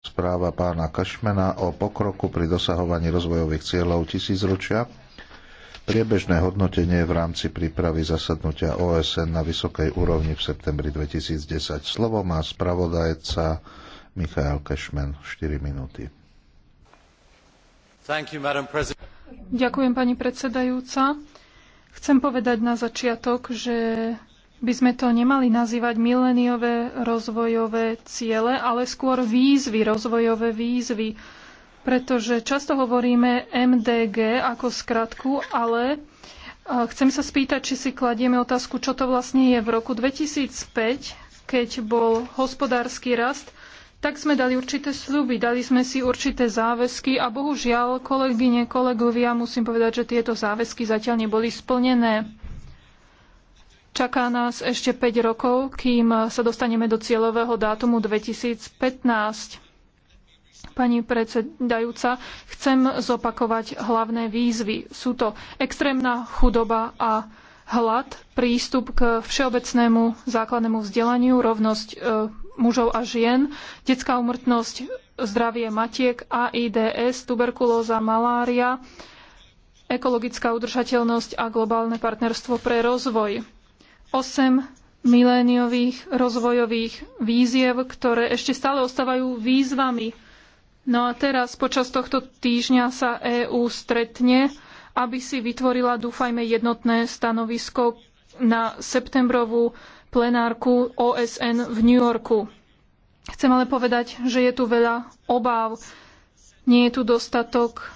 správa pána Kašmena o pokroku pri dosahovaní rozvojových cieľov tisícročia, priebežné hodnotenie v rámci prípravy zasadnutia OSN na vysokej úrovni v septembri 2010. Slovo má spravodajca Michael Kašmen, 4 minúty. You, Ďakujem, pani predsedajúca. Chcem povedať na začiatok, že by sme to nemali nazývať mileniové rozvojové ciele, ale skôr výzvy, rozvojové výzvy. Pretože často hovoríme MDG ako skratku, ale e, chcem sa spýtať, či si kladieme otázku, čo to vlastne je. V roku 2005, keď bol hospodársky rast, tak sme dali určité sluby, dali sme si určité záväzky a bohužiaľ, kolegyne, kolegovia, musím povedať, že tieto záväzky zatiaľ neboli splnené. Čaká nás ešte 5 rokov, kým sa dostaneme do cieľového dátumu 2015. Pani predsedajúca, chcem zopakovať hlavné výzvy. Sú to extrémna chudoba a hlad, prístup k všeobecnému základnému vzdelaniu, rovnosť e, mužov a žien, detská umrtnosť, zdravie matiek, AIDS, tuberkulóza, malária, ekologická udržateľnosť a globálne partnerstvo pre rozvoj. 8 miléniových rozvojových víziev, ktoré ešte stále ostávajú výzvami. No a teraz počas tohto týždňa sa EÚ stretne, aby si vytvorila, dúfajme, jednotné stanovisko na septembrovú plenárku OSN v New Yorku. Chcem ale povedať, že je tu veľa obáv. Nie je tu dostatok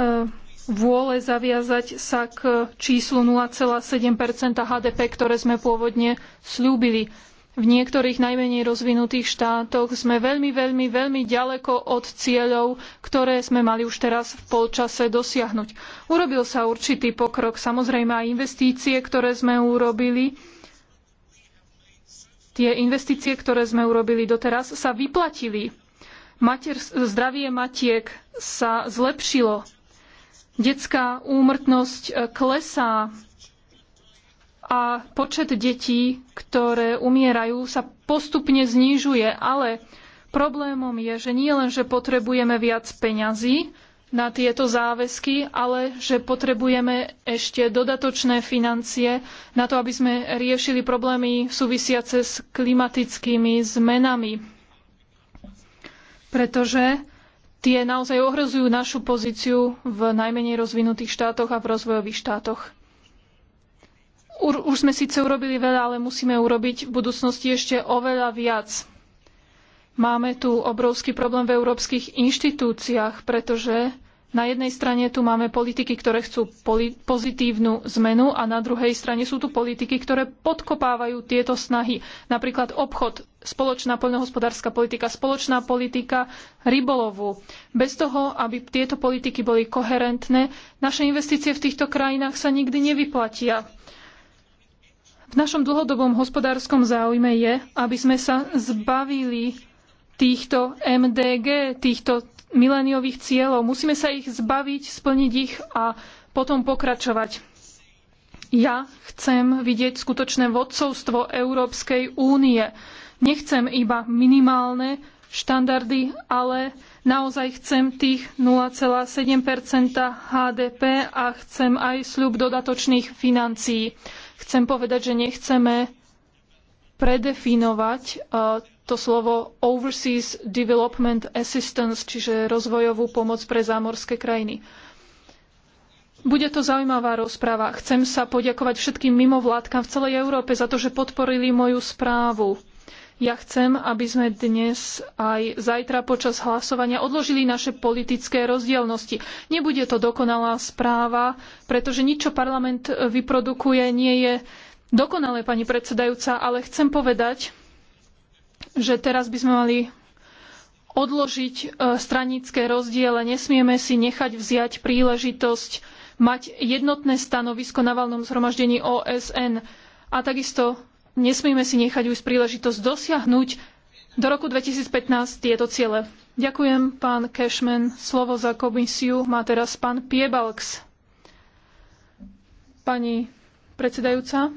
eh, vôle zaviazať sa k číslu 0,7 HDP, ktoré sme pôvodne slúbili. V niektorých najmenej rozvinutých štátoch sme veľmi, veľmi, veľmi ďaleko od cieľov, ktoré sme mali už teraz v polčase dosiahnuť. Urobil sa určitý pokrok, samozrejme aj investície, ktoré sme urobili. Tie investície, ktoré sme urobili doteraz, sa vyplatili. Mater, zdravie matiek sa zlepšilo Detská úmrtnosť e, klesá a počet detí, ktoré umierajú, sa postupne znižuje, ale problémom je, že nie len, že potrebujeme viac peňazí na tieto záväzky, ale že potrebujeme ešte dodatočné financie na to, aby sme riešili problémy súvisiace s klimatickými zmenami. Pretože tie naozaj ohrozujú našu pozíciu v najmenej rozvinutých štátoch a v rozvojových štátoch. Už sme síce urobili veľa, ale musíme urobiť v budúcnosti ešte oveľa viac. Máme tu obrovský problém v európskych inštitúciách, pretože na jednej strane tu máme politiky, ktoré chcú pozitívnu zmenu a na druhej strane sú tu politiky, ktoré podkopávajú tieto snahy. Napríklad obchod spoločná poľnohospodárska politika, spoločná politika rybolovu. Bez toho, aby tieto politiky boli koherentné, naše investície v týchto krajinách sa nikdy nevyplatia. V našom dlhodobom hospodárskom záujme je, aby sme sa zbavili týchto MDG, týchto miléniových cieľov. Musíme sa ich zbaviť, splniť ich a potom pokračovať. Ja chcem vidieť skutočné vodcovstvo Európskej únie. Nechcem iba minimálne štandardy, ale naozaj chcem tých 0,7 HDP a chcem aj sľub dodatočných financií. Chcem povedať, že nechceme predefinovať e, to slovo Overseas Development Assistance, čiže rozvojovú pomoc pre zámorské krajiny. Bude to zaujímavá rozpráva. Chcem sa poďakovať všetkým mimovládkam v celej Európe za to, že podporili moju správu. Ja chcem, aby sme dnes aj zajtra počas hlasovania odložili naše politické rozdielnosti. Nebude to dokonalá správa, pretože nič, čo parlament vyprodukuje, nie je dokonalé, pani predsedajúca, ale chcem povedať, že teraz by sme mali odložiť e, stranické rozdiele. Nesmieme si nechať vziať príležitosť mať jednotné stanovisko na valnom zhromaždení OSN. A takisto Nesmieme si nechať už príležitosť dosiahnuť do roku 2015 tieto ciele. Ďakujem, pán Cashman. Slovo za komisiu má teraz pán Piebalks. Pani predsedajúca.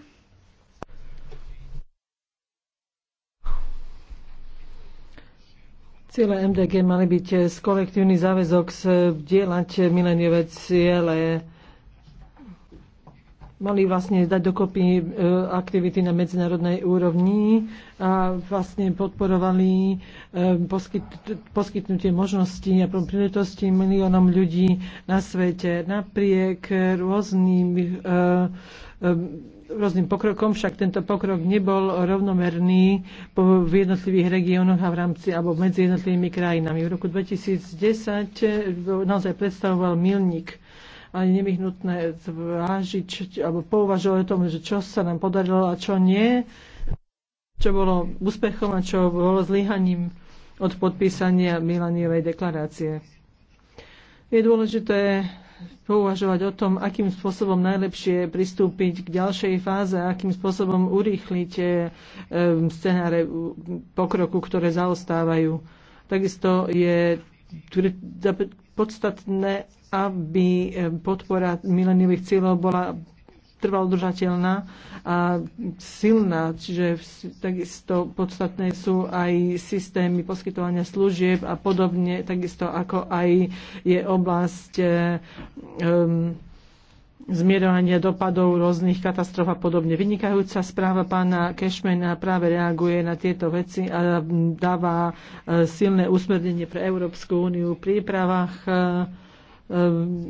Ciele MDG mali byť kolektívny záväzok zdieľať mileniové ciele mali vlastne dať dokopy e, aktivity na medzinárodnej úrovni a vlastne podporovali e, poskytnutie možností a príležitostí miliónom ľudí na svete. Napriek rôznym, e, rôznym pokrokom, však tento pokrok nebol rovnomerný v jednotlivých regiónoch a v rámci alebo medzi jednotlivými krajinami. V roku 2010 naozaj predstavoval milník a je nevyhnutné zvážiť alebo pouvažovať o tom, že čo sa nám podarilo a čo nie, čo bolo úspechom a čo bolo zlyhaním od podpísania Milaniovej deklarácie. Je dôležité pouvažovať o tom, akým spôsobom najlepšie pristúpiť k ďalšej fáze, akým spôsobom urýchliť e, e, scenáre pokroku, ktoré zaostávajú. Takisto je podstatné, aby eh, podpora mileniových cieľov bola trvalo držateľná a silná. Čiže takisto podstatné sú aj systémy poskytovania služieb a podobne, takisto ako aj je oblasť um, zmierovania dopadov rôznych katastrof a podobne. Vynikajúca správa pána Kešmena práve reaguje na tieto veci a dáva e, silné usmernenie pre Európsku úniu v prípravách e, e,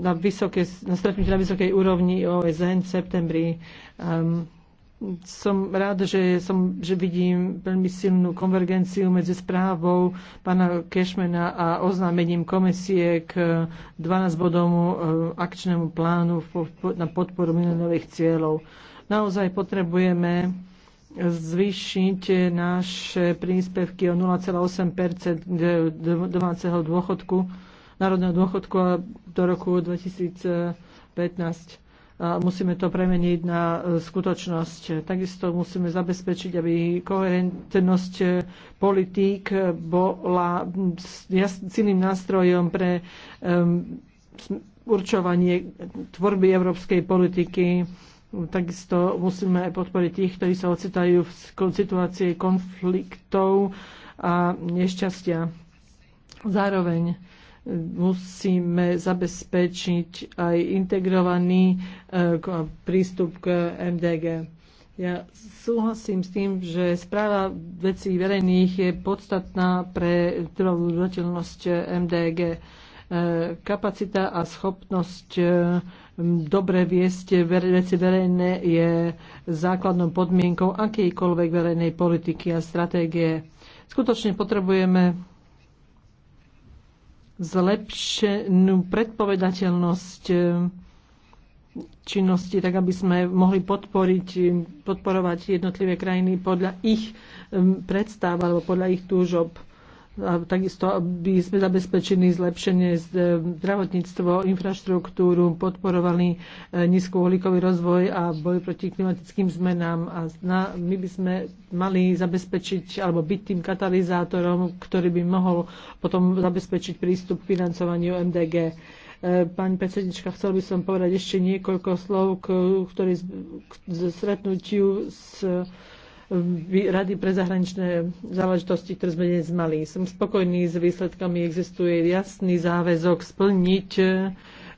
na, vysoké, na stretnutí na vysokej úrovni OSN v septembri. Ehm, som rád, že, som, že vidím veľmi silnú konvergenciu medzi správou pána Kešmena a oznámením komisie k 12-bodomu e, akčnému plánu na podporu milionových cieľov. Naozaj potrebujeme zvýšiť naše príspevky o 0,8 domáceho dôchodku, národného dôchodku do roku 2015 musíme to premeniť na e, skutočnosť. Takisto musíme zabezpečiť, aby koherentnosť e, politík bola silným nástrojom pre určovanie tvorby európskej politiky. Takisto musíme aj podporiť tých, ktorí sa ocitajú v situácii konfliktov a nešťastia. Zároveň musíme zabezpečiť aj integrovaný eh, prístup k MDG. Ja súhlasím s tým, že správa vecí verejných je podstatná pre trvalú eh, MDG eh, kapacita a schopnosť dobre viesť veci verejné je základnou podmienkou akejkoľvek verejnej politiky a stratégie. Skutočne potrebujeme zlepšenú predpovedateľnosť eh, činnosti, tak aby sme mohli podporiť, podporovať jednotlivé krajiny podľa ich eh, predstáv alebo podľa ich túžob a takisto aby sme zabezpečili zlepšenie e, zdravotníctvo, infraštruktúru, podporovali e, nízkouhlíkový rozvoj a boj proti klimatickým zmenám. A na, my by sme mali zabezpečiť alebo byť tým katalizátorom, ktorý by mohol potom zabezpečiť prístup k financovaniu MDG. E, Pani predsednička, chcel by som povedať ešte niekoľko slov k, ktorý, k stretnutiu s Rady pre zahraničné záležitosti, ktoré sme dnes mali. Som spokojný s výsledkami, existuje jasný záväzok splniť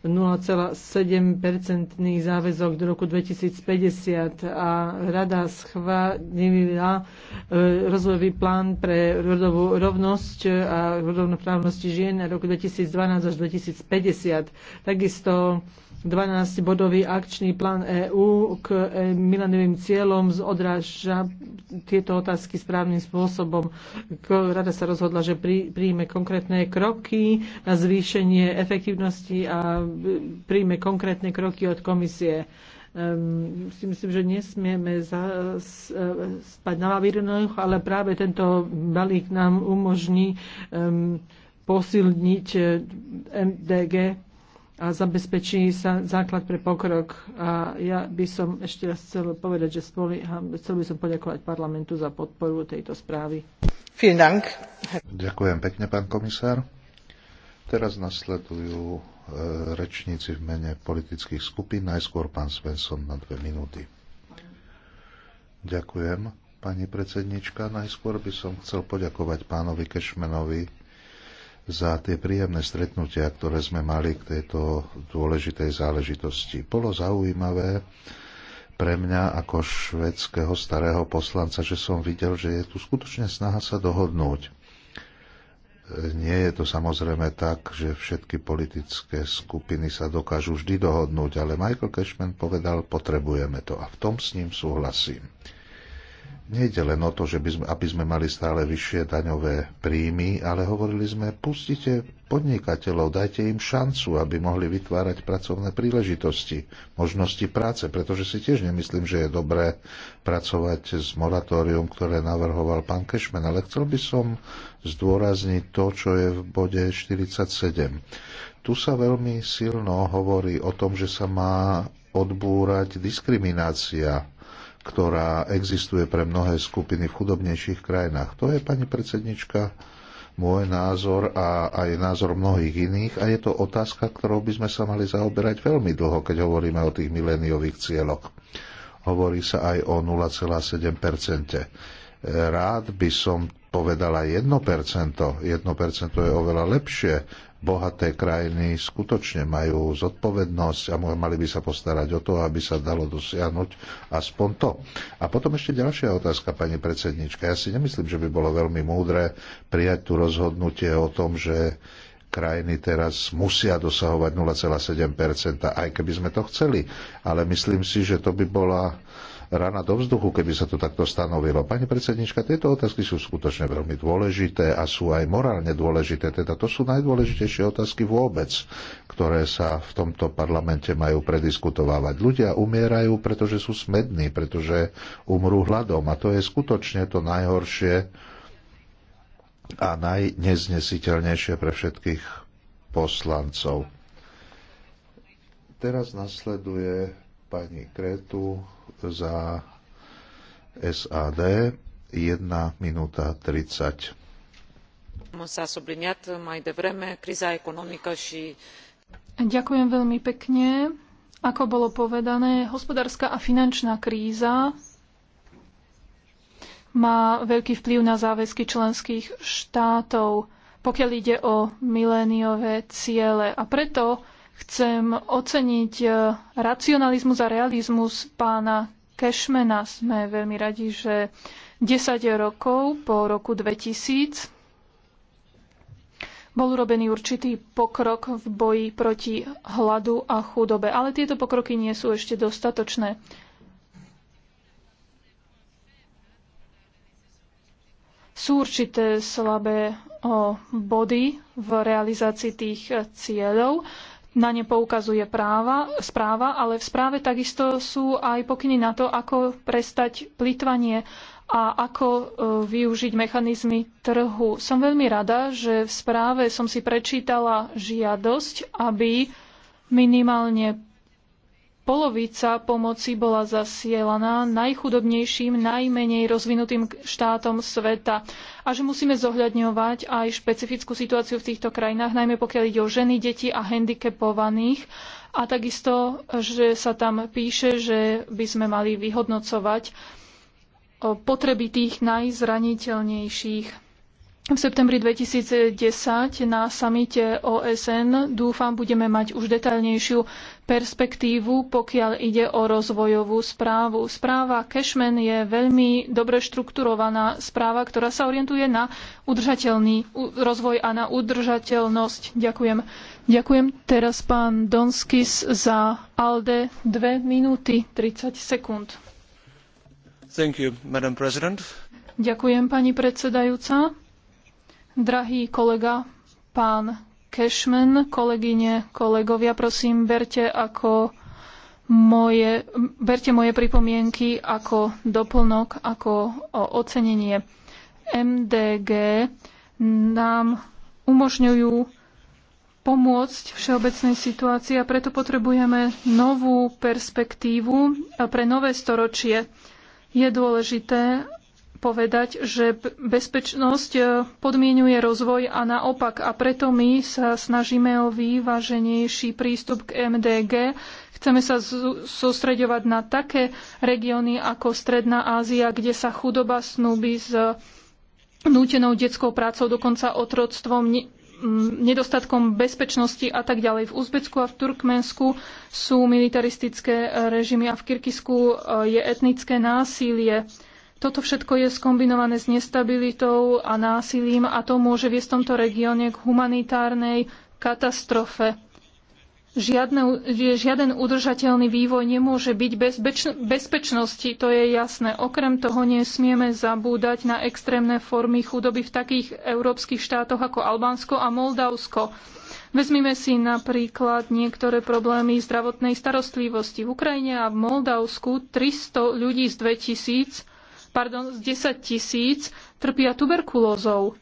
0,7-percentný eh, záväzok do roku 2050 a rada schválila eh, rozvojový plán pre rodovú rovnosť eh, a rovnoprávnosti žien na roku 2012 až 2050. Takisto 12-bodový akčný plán EÚ k e, milenovým cieľom odráža tieto otázky správnym spôsobom. Rada sa rozhodla, že príjme konkrétne kroky na zvýšenie efektívnosti a e, príjme konkrétne kroky od komisie. Um, si myslím, že nesmieme za, s, e, spať na lavírnoch, ale práve tento balík nám umožní um, posilniť MDG a zabezpečí sa základ pre pokrok. A ja by som ešte raz chcel povedať, že spoli, chcel by som poďakovať parlamentu za podporu tejto správy. Vielen Ďakujem pekne, pán komisár. Teraz nasledujú e, rečníci v mene politických skupín. Najskôr pán Svensson na dve minúty. Ďakujem, pani predsednička. Najskôr by som chcel poďakovať pánovi Kešmenovi za tie príjemné stretnutia, ktoré sme mali k tejto dôležitej záležitosti. Bolo zaujímavé pre mňa ako švedského starého poslanca, že som videl, že je tu skutočne snaha sa dohodnúť. Nie je to samozrejme tak, že všetky politické skupiny sa dokážu vždy dohodnúť, ale Michael Cashman povedal, potrebujeme to a v tom s ním súhlasím. Nejde len o to, že by sme, aby sme mali stále vyššie daňové príjmy, ale hovorili sme, pustite podnikateľov, dajte im šancu, aby mohli vytvárať pracovné príležitosti, možnosti práce, pretože si tiež nemyslím, že je dobré pracovať s moratórium, ktoré navrhoval pán Kešmen, ale chcel by som zdôrazniť to, čo je v bode 47. Tu sa veľmi silno hovorí o tom, že sa má odbúrať diskriminácia ktorá existuje pre mnohé skupiny v chudobnejších krajinách. To je, pani predsednička, môj názor a aj názor mnohých iných a je to otázka, ktorou by sme sa mali zaoberať veľmi dlho, keď hovoríme o tých miléniových cieľoch. Hovorí sa aj o 0,7%. Rád by som povedala 1%. 1% je oveľa lepšie bohaté krajiny skutočne majú zodpovednosť a mali by sa postarať o to, aby sa dalo dosiahnuť aspoň to. A potom ešte ďalšia otázka, pani predsednička. Ja si nemyslím, že by bolo veľmi múdre prijať tu rozhodnutie o tom, že krajiny teraz musia dosahovať 0,7%, aj keby sme to chceli. Ale myslím si, že to by bola rana do vzduchu, keby sa to takto stanovilo. Pani predsednička, tieto otázky sú skutočne veľmi dôležité a sú aj morálne dôležité. Teda to sú najdôležitejšie otázky vôbec, ktoré sa v tomto parlamente majú prediskutovávať. Ľudia umierajú, pretože sú smední, pretože umrú hladom a to je skutočne to najhoršie a najneznesiteľnejšie pre všetkých poslancov. Teraz nasleduje pani Kretu za SAD 1 minúta 30. S-a subliniat mai devreme criza economică și... Ďakujem veľmi pekne. Ako bolo povedané, hospodárska a finančná kríza má veľký vplyv na záväzky členských štátov, pokiaľ ide o miléniové ciele. A preto Chcem oceniť e, racionalizmus a realizmus pána Kešmena. Sme veľmi radi, že 10 rokov po roku 2000 bol urobený určitý pokrok v boji proti hladu a chudobe, ale tieto pokroky nie sú ešte dostatočné. Sú určité slabé body v realizácii tých cieľov na ne poukazuje práva, správa, ale v správe takisto sú aj pokyny na to, ako prestať plýtvanie a ako e, využiť mechanizmy trhu. Som veľmi rada, že v správe som si prečítala žiadosť, aby minimálne polovica pomoci bola zasielaná najchudobnejším, najmenej rozvinutým štátom sveta a že musíme zohľadňovať aj špecifickú situáciu v týchto krajinách, najmä pokiaľ ide o ženy, deti a handicapovaných. A takisto, že sa tam píše, že by sme mali vyhodnocovať potreby tých najzraniteľnejších v septembri 2010 na samite OSN dúfam budeme mať už detaľnejšiu perspektívu, pokiaľ ide o rozvojovú správu. Správa Cashman je veľmi dobre štrukturovaná správa, ktorá sa orientuje na udržateľný rozvoj a na udržateľnosť. Ďakujem. Ďakujem teraz pán Donskis za ALDE 2 minúty 30 sekúnd. You, Ďakujem, pani predsedajúca. Drahý kolega, pán Cashman, kolegyne, kolegovia, prosím, berte ako moje, berte moje pripomienky ako doplnok, ako ocenenie. MDG nám umožňujú pomôcť všeobecnej situácii a preto potrebujeme novú perspektívu pre nové storočie. Je dôležité, povedať, že bezpečnosť e, podmienuje rozvoj a naopak. A preto my sa snažíme o vyváženejší prístup k MDG. Chceme sa sústreďovať na také regióny ako Stredná Ázia, kde sa chudoba snúbi s nútenou detskou prácou, dokonca otroctvom, nedostatkom bezpečnosti a tak ďalej. V Uzbecku a v Turkmensku sú militaristické režimy a v Kirkisku e, je etnické násilie. Toto všetko je skombinované s nestabilitou a násilím a to môže viesť v tomto regióne k humanitárnej katastrofe. Žiadne, žiaden udržateľný vývoj nemôže byť bez bezpečnosti, to je jasné. Okrem toho nesmieme zabúdať na extrémne formy chudoby v takých európskych štátoch ako Albánsko a Moldavsko. Vezmime si napríklad niektoré problémy zdravotnej starostlivosti. V Ukrajine a v Moldavsku 300 ľudí z 2000 pardon, z 10 tisíc trpia tuberkulózou.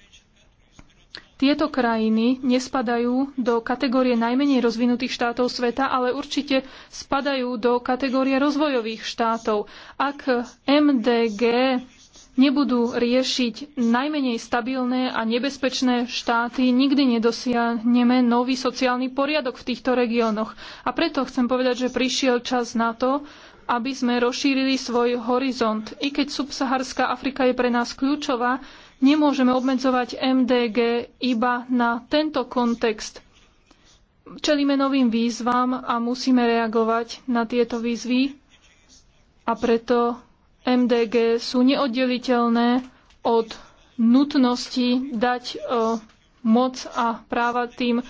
Tieto krajiny nespadajú do kategórie najmenej rozvinutých štátov sveta, ale určite spadajú do kategórie rozvojových štátov. Ak MDG nebudú riešiť najmenej stabilné a nebezpečné štáty, nikdy nedosiahneme nový sociálny poriadok v týchto regiónoch. A preto chcem povedať, že prišiel čas na to, aby sme rozšírili svoj horizont. I keď subsaharská Afrika je pre nás kľúčová, nemôžeme obmedzovať MDG iba na tento kontext. Čelíme novým výzvam a musíme reagovať na tieto výzvy a preto MDG sú neoddeliteľné od nutnosti dať eh, moc a práva tým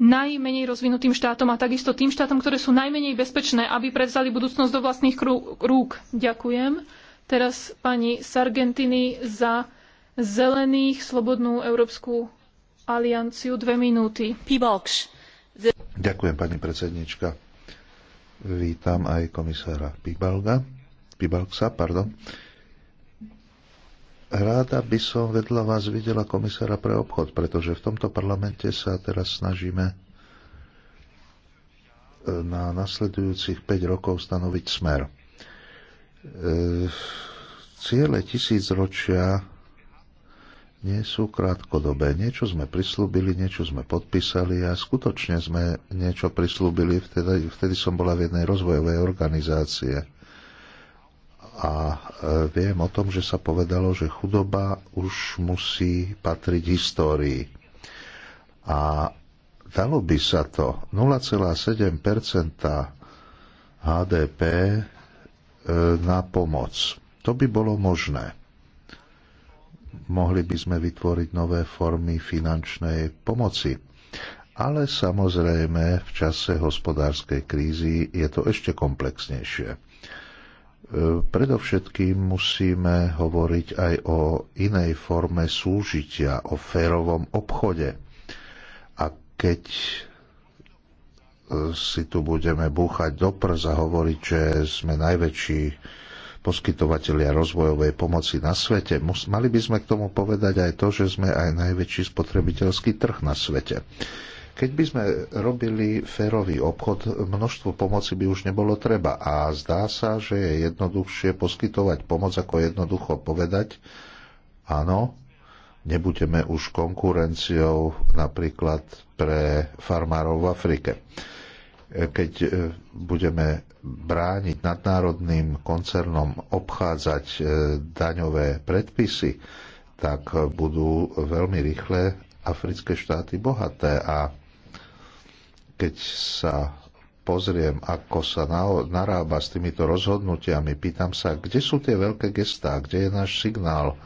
najmenej rozvinutým štátom a takisto tým štátom, ktoré sú najmenej bezpečné, aby prevzali budúcnosť do vlastných rúk. Ďakujem. Teraz pani Sargentini za zelených Slobodnú Európsku alianciu. Dve minúty. Ďakujem, pani predsednička. Vítam aj komisára Pibalga, Pibalksa. Pardon. Ráda by som vedľa vás videla komisára pre obchod, pretože v tomto parlamente sa teraz snažíme e, na nasledujúcich 5 rokov stanoviť smer. E, ciele tisícročia nie sú krátkodobé. Niečo sme prislúbili, niečo sme podpísali a skutočne sme niečo prislúbili. Vtedy, vtedy som bola v jednej rozvojovej organizácie a e, viem o tom, že sa povedalo, že chudoba už musí patriť histórii. A dalo by sa to 0,7 HDP e, na pomoc. To by bolo možné. Mohli by sme vytvoriť nové formy finančnej pomoci. Ale samozrejme v čase hospodárskej krízy je to ešte komplexnejšie Predovšetkým musíme hovoriť aj o inej forme súžitia, o férovom obchode. A keď e, si tu budeme búchať do prs a hovoriť, že sme najväčší poskytovateľia rozvojovej pomoci na svete. Mali by sme k tomu povedať aj to, že sme aj najväčší spotrebiteľský trh na svete. Keď by sme robili férový obchod, množstvo pomoci by už nebolo treba a zdá sa, že je jednoduchšie poskytovať pomoc, ako jednoducho povedať, áno, nebudeme už konkurenciou napríklad pre farmárov v Afrike. Keď e, budeme brániť nadnárodným koncernom obchádzať e, daňové predpisy, tak budú veľmi rýchle africké štáty bohaté a keď sa pozriem, ako sa narába s týmito rozhodnutiami, pýtam sa, kde sú tie veľké gestá, kde je náš signál,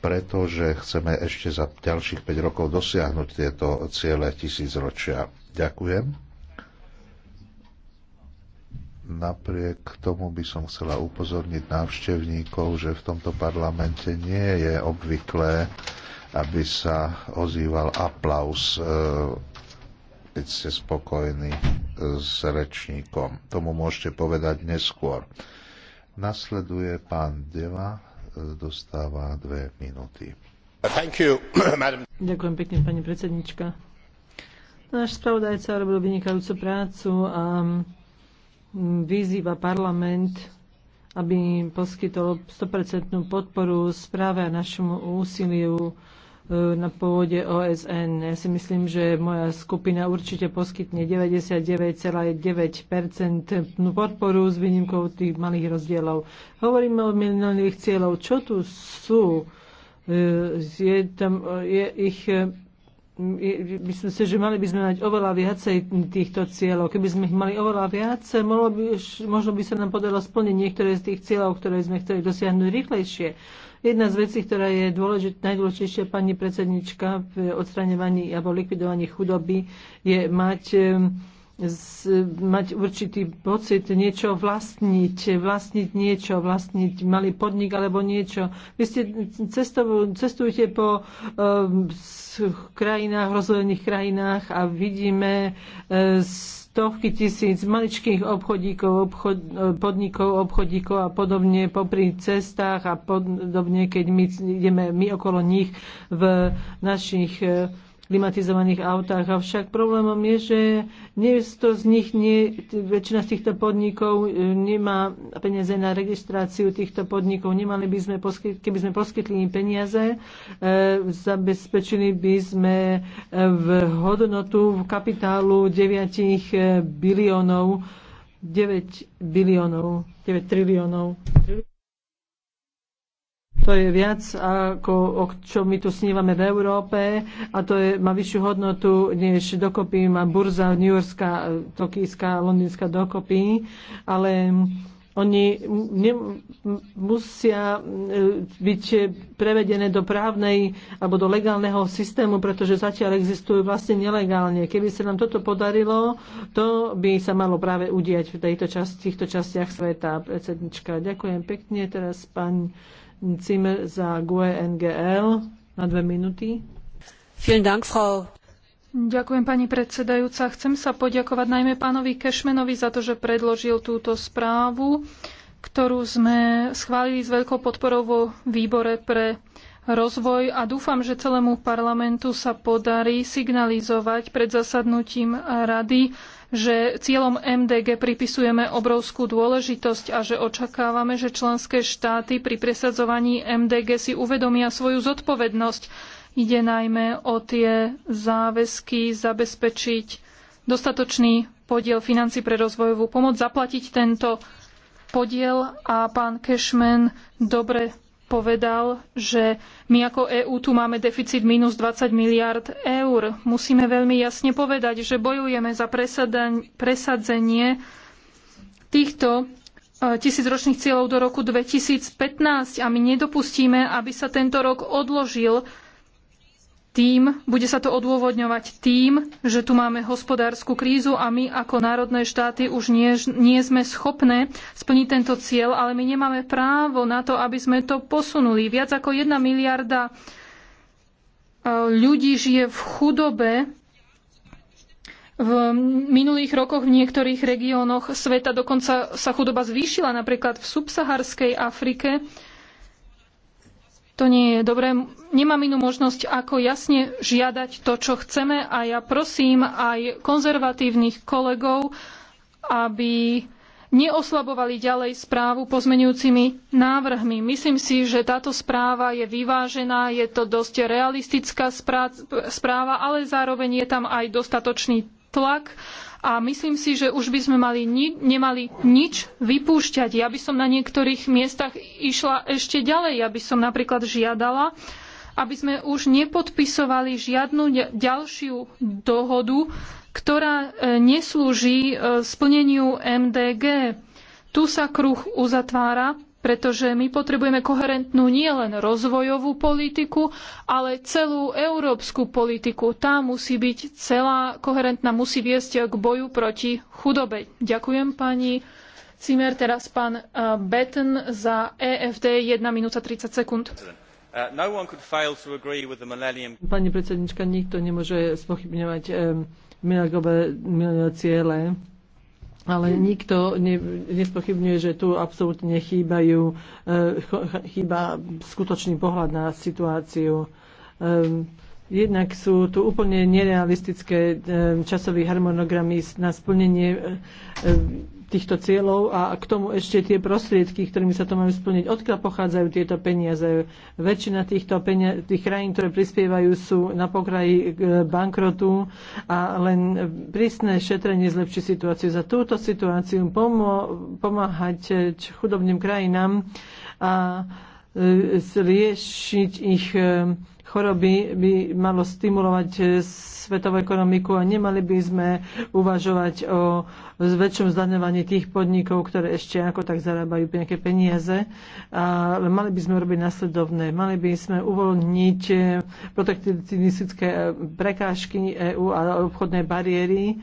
pretože chceme ešte za ďalších 5 rokov dosiahnuť tieto ciele tisícročia. Ďakujem. Napriek tomu by som chcela upozorniť návštevníkov, že v tomto parlamente nie je obvyklé, aby sa ozýval aplaus e, keď ste spokojní e, s rečníkom. Tomu môžete povedať neskôr. Nasleduje pán Deva, e, dostáva dve minúty. You, Ďakujem pekne, pani predsednička. Náš spravodajca robil vynikajúcu prácu a vyzýva parlament, aby poskytol 100% podporu správe a našemu úsiliu E, na pôvode OSN. Ja si myslím, že moja skupina určite poskytne 99,9 no, podporu s výnimkou tých malých rozdielov. Hovoríme o milionových cieľov. Čo tu sú? E, je tam, e, je ich myslím si, že mali by sme mať oveľa viacej týchto cieľov. Keby sme ich mali oveľa viacej, by, možno by sa nám podarilo splniť niektoré z tých cieľov, ktoré sme chceli dosiahnuť rýchlejšie. Jedna z vecí, ktorá je dôležit, najdôležitejšia, pani predsednička, v odstraňovaní alebo likvidovaní chudoby, je mať z, mať určitý pocit niečo vlastniť, vlastniť niečo, vlastniť malý podnik alebo niečo. Vy ste cestovu, cestujete po um, krajinách, rozvojených krajinách a vidíme um, stovky tisíc maličkých obchodíkov, obchod, podnikov, obchodíkov a podobne popri cestách a podobne, keď my ideme my okolo nich v našich eh, klimatizovaných autách. Avšak problémom je, že to z nich nie, väčšina z týchto podnikov e, nemá peniaze na registráciu týchto podnikov. Nemali by sme, poskyt, keby sme poskytli im peniaze, e, zabezpečili by sme e, v hodnotu v kapitálu 9 e, biliónov 9 biliónov, 9 triliónov. To je viac, ako o čo my tu snívame v Európe a to je, má vyššiu hodnotu, než dokopy má burza New Yorkská, Tokijská, Londýnska dokopy, ale oni ne, musia e, byť prevedené do právnej alebo do legálneho systému, pretože zatiaľ existujú vlastne nelegálne. Keby sa nám toto podarilo, to by sa malo práve udiať v tejto časti, týchto častiach sveta. Predsednička, ďakujem pekne. Teraz pán Zimmer za GUE NGL na dve minúty. Vielen Dank, Frau Ďakujem pani predsedajúca. Chcem sa poďakovať najmä pánovi Kešmenovi za to, že predložil túto správu, ktorú sme schválili s veľkou podporou vo výbore pre rozvoj a dúfam, že celému parlamentu sa podarí signalizovať pred zasadnutím rady že cieľom MDG pripisujeme obrovskú dôležitosť a že očakávame, že členské štáty pri presadzovaní MDG si uvedomia svoju zodpovednosť. Ide najmä o tie záväzky zabezpečiť dostatočný podiel financí pre rozvojovú pomoc, zaplatiť tento podiel a pán Cashman dobre povedal, že my ako EÚ tu máme deficit minus 20 miliard eur. Musíme veľmi jasne povedať, že bojujeme za presadzenie týchto e, tisícročných cieľov do roku 2015 a my nedopustíme, aby sa tento rok odložil tým, bude sa to odôvodňovať tým, že tu máme hospodárskú krízu a my ako národné štáty už nie, nie sme schopné splniť tento cieľ, ale my nemáme právo na to, aby sme to posunuli. Viac ako jedna miliarda e, ľudí žije v chudobe. V minulých rokoch v niektorých regiónoch sveta dokonca sa chudoba zvýšila, napríklad v subsaharskej Afrike to nie je dobré. Nemám inú možnosť, ako jasne žiadať to, čo chceme a ja prosím aj konzervatívnych kolegov, aby neoslabovali ďalej správu pozmenujúcimi návrhmi. Myslím si, že táto správa je vyvážená, je to dosť realistická správa, ale zároveň je tam aj dostatočný tlak a myslím si, že už by sme mali ni- nemali nič vypúšťať. Ja by som na niektorých miestach išla ešte ďalej. Ja by som napríklad žiadala, aby sme už nepodpisovali žiadnu ďalšiu dohodu, ktorá e, neslúži e, splneniu MDG. Tu sa kruh uzatvára pretože my potrebujeme koherentnú nielen rozvojovú politiku, ale celú európsku politiku. Tá musí byť celá koherentná, musí viesť k boju proti chudobe. Ďakujem pani Cimer, teraz pán eh, Betten za EFD 1 minúta 30 sekúnd. Eh, no pani predsednička, nikto nemôže spochybňovať um, milagové ciele ale nikto ne, nespochybňuje, že tu absolútne chýbajú, eh, chýba skutočný pohľad na situáciu. Eh, jednak sú tu úplne nerealistické eh, časové harmonogramy na splnenie týchto cieľov a k tomu ešte tie prostriedky, ktorými sa to majú splniť. Odkiaľ pochádzajú tieto peniaze? Väčšina týchto penia- tých krajín, ktoré prispievajú, sú na pokraji e, bankrotu a len prísne šetrenie zlepší situáciu. Za túto situáciu pomáhať e, chudobným krajinám a e, riešiť ich choroby by malo stimulovať eh, svetovú ekonomiku a nemali by sme uvažovať o väčšom zdaňovaní tých podnikov, ktoré ešte ako tak zarábajú nejaké peniaze. Ale mali by sme robiť nasledovné. Mali by sme uvoľniť eh, protekcionistické eh, prekážky EÚ a obchodné bariéry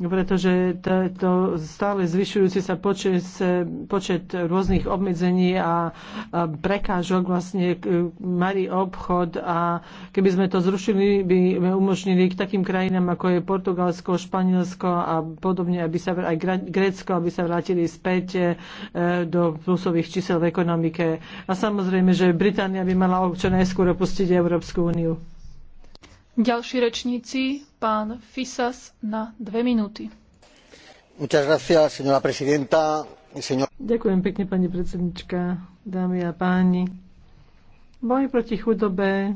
pretože to stále zvyšujúci sa počet, počet rôznych obmedzení a, a prekážok vlastne e, malý obchod a keby sme to zrušili, by sme umožnili k takým krajinám, ako je Portugalsko, Španielsko a podobne, aby sa aj Grécko, aby sa vrátili späť e, do plusových čísel v ekonomike. A samozrejme, že Británia by mala čo najskôr opustiť Európsku úniu. Ďalší rečníci pán Fisas na dve minúty. Ďakujem pekne, pani predsednička, dámy a páni. Boj proti chudobe,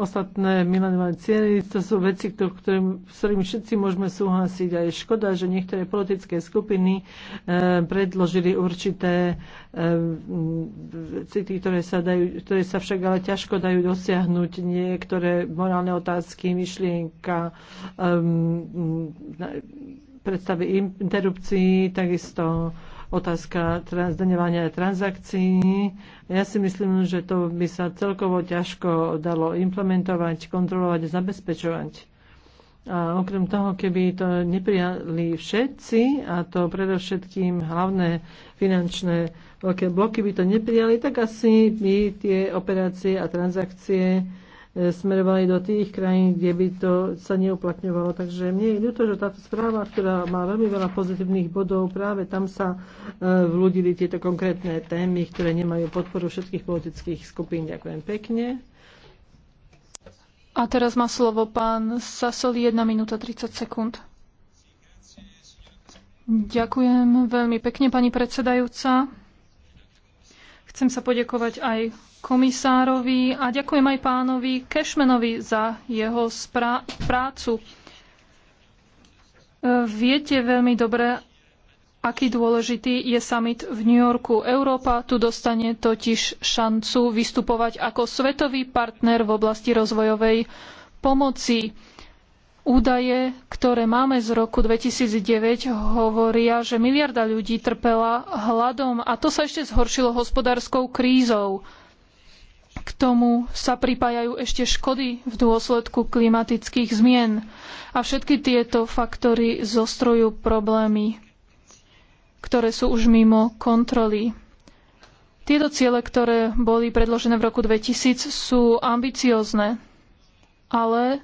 ostatné milenované cieľy, to sú veci, ktorým, s ktorými všetci môžeme súhlasiť a je škoda, že niektoré politické skupiny e, predložili určité e, eh, city, ktoré sa, dajú, ktoré sa však ale ťažko dajú dosiahnuť. Niektoré morálne otázky, myšlienka, e, predstavy interrupcií, takisto e, otázka zdaňovania transakcií. Ja si myslím, že to by sa celkovo ťažko dalo implementovať, kontrolovať, zabezpečovať. A okrem toho, keby to neprijali všetci, a to predovšetkým hlavné finančné veľké bloky by to neprijali, tak asi by tie operácie a transakcie E, smerovali do tých krajín, kde by to sa neuplatňovalo. Takže mne je ľúto, že táto správa, ktorá má veľmi veľa pozitívnych bodov, práve tam sa e, vľudili tieto konkrétne témy, ktoré nemajú podporu všetkých politických skupín. Ďakujem pekne. A teraz má slovo pán Sasoli 1 minúta 30 sekúnd. Ďakujem veľmi pekne, pani predsedajúca. Chcem sa podiekovať aj komisárovi a ďakujem aj pánovi Kešmenovi za jeho prácu. E, viete veľmi dobre, aký dôležitý je summit v New Yorku. Európa tu dostane totiž šancu vystupovať ako svetový partner v oblasti rozvojovej pomoci. Údaje, ktoré máme z roku 2009, hovoria, že miliarda ľudí trpela hladom a to sa ešte zhoršilo hospodárskou krízou. K tomu sa pripájajú ešte škody v dôsledku klimatických zmien. A všetky tieto faktory zostrojú problémy, ktoré sú už mimo kontroly. Tieto ciele, ktoré boli predložené v roku 2000, sú ambiciozne, ale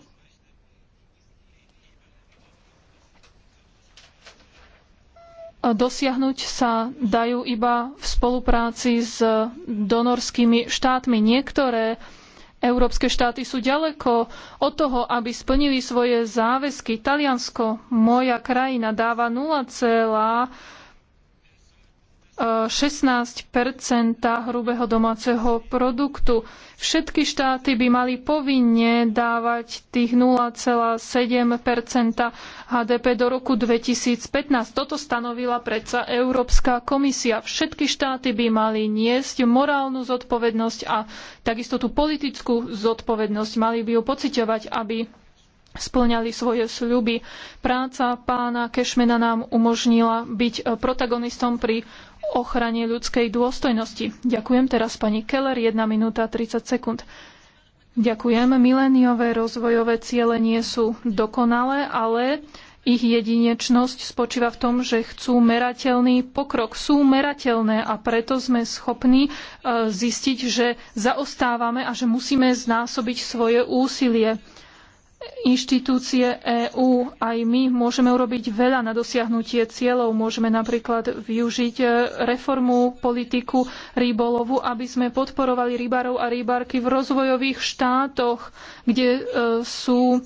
dosiahnuť sa dajú iba v spolupráci s donorskými štátmi. Niektoré Európske štáty sú ďaleko od toho, aby splnili svoje záväzky. Taliansko, moja krajina, dáva 0,5 16 hrubého domáceho produktu. Všetky štáty by mali povinne dávať tých 0,7 HDP do roku 2015. Toto stanovila predsa Európska komisia. Všetky štáty by mali niesť morálnu zodpovednosť a takisto tú politickú zodpovednosť. Mali by ju pociťovať, aby splňali svoje sľuby. Práca pána Kešmena nám umožnila byť eh, protagonistom pri ochrane ľudskej dôstojnosti. Ďakujem teraz pani Keller, 1 minúta 30 sekúnd. Ďakujem. Miléniové rozvojové ciele nie sú dokonalé, ale ich jedinečnosť spočíva v tom, že chcú merateľný pokrok. Sú merateľné a preto sme schopní eh, zistiť, že zaostávame a že musíme znásobiť svoje úsilie inštitúcie EÚ. Aj my môžeme urobiť veľa na dosiahnutie cieľov. Môžeme napríklad využiť e, reformu politiku rybolovu, aby sme podporovali rybárov a rybárky v rozvojových štátoch, kde e, sú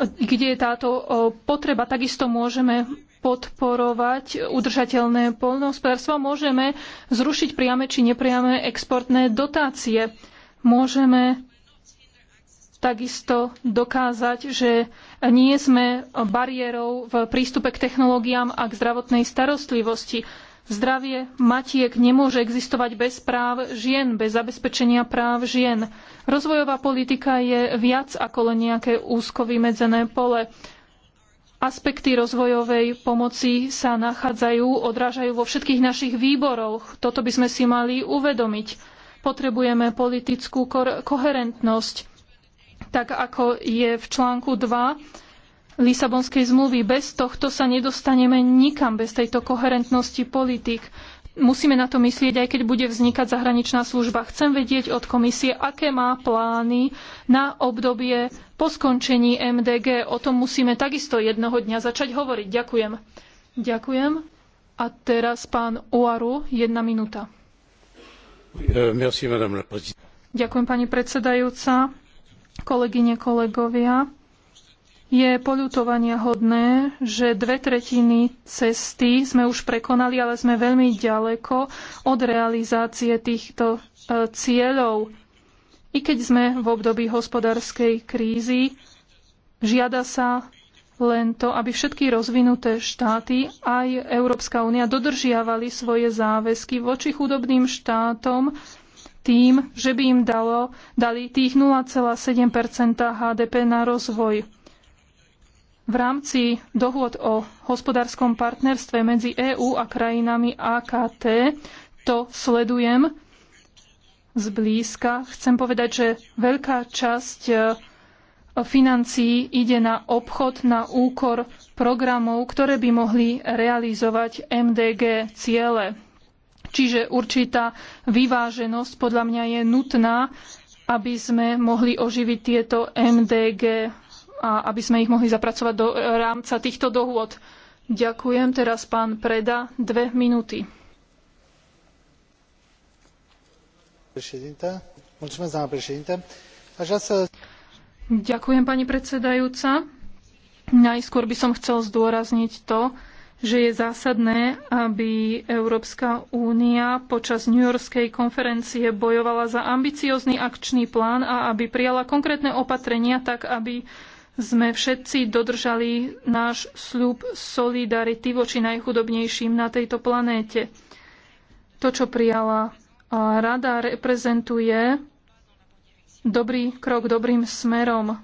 kde je táto e, potreba. Takisto môžeme podporovať udržateľné poľnohospodárstvo. Môžeme zrušiť priame či nepriame exportné dotácie. Môžeme takisto dokázať, že nie sme bariérou v prístupe k technológiám a k zdravotnej starostlivosti. Zdravie matiek nemôže existovať bez práv žien, bez zabezpečenia práv žien. Rozvojová politika je viac ako len nejaké úzko vymedzené pole. Aspekty rozvojovej pomoci sa nachádzajú, odrážajú vo všetkých našich výboroch. Toto by sme si mali uvedomiť. Potrebujeme politickú koherentnosť tak ako je v článku 2 Lisabonskej zmluvy. Bez tohto sa nedostaneme nikam, bez tejto koherentnosti politik. Musíme na to myslieť, aj keď bude vznikať zahraničná služba. Chcem vedieť od komisie, aké má plány na obdobie po skončení MDG. O tom musíme takisto jednoho dňa začať hovoriť. Ďakujem. Ďakujem. A teraz pán Uaru, jedna minúta. Ďakujem, pani predsedajúca kolegyne, kolegovia, je poľutovania hodné, že dve tretiny cesty sme už prekonali, ale sme veľmi ďaleko od realizácie týchto e, cieľov. I keď sme v období hospodárskej krízy, žiada sa len to, aby všetky rozvinuté štáty aj Európska únia dodržiavali svoje záväzky voči chudobným štátom, tým, že by im dalo, dali tých 0,7 HDP na rozvoj. V rámci dohôd o hospodárskom partnerstve medzi EÚ a krajinami AKT to sledujem zblízka. Chcem povedať, že veľká časť e, financií ide na obchod na úkor programov, ktoré by mohli realizovať MDG ciele Čiže určitá vyváženosť podľa mňa je nutná, aby sme mohli oživiť tieto MDG a aby sme ich mohli zapracovať do rámca týchto dohôd. Ďakujem. Teraz pán Preda, dve minúty. Ďakujem, pani predsedajúca. Najskôr by som chcel zdôrazniť to, že je zásadné, aby Európska únia počas New Yorkskej konferencie bojovala za ambiciózny akčný plán a aby prijala konkrétne opatrenia tak, aby sme všetci dodržali náš sľub solidarity voči najchudobnejším na tejto planéte. To, čo prijala rada, reprezentuje dobrý krok dobrým smerom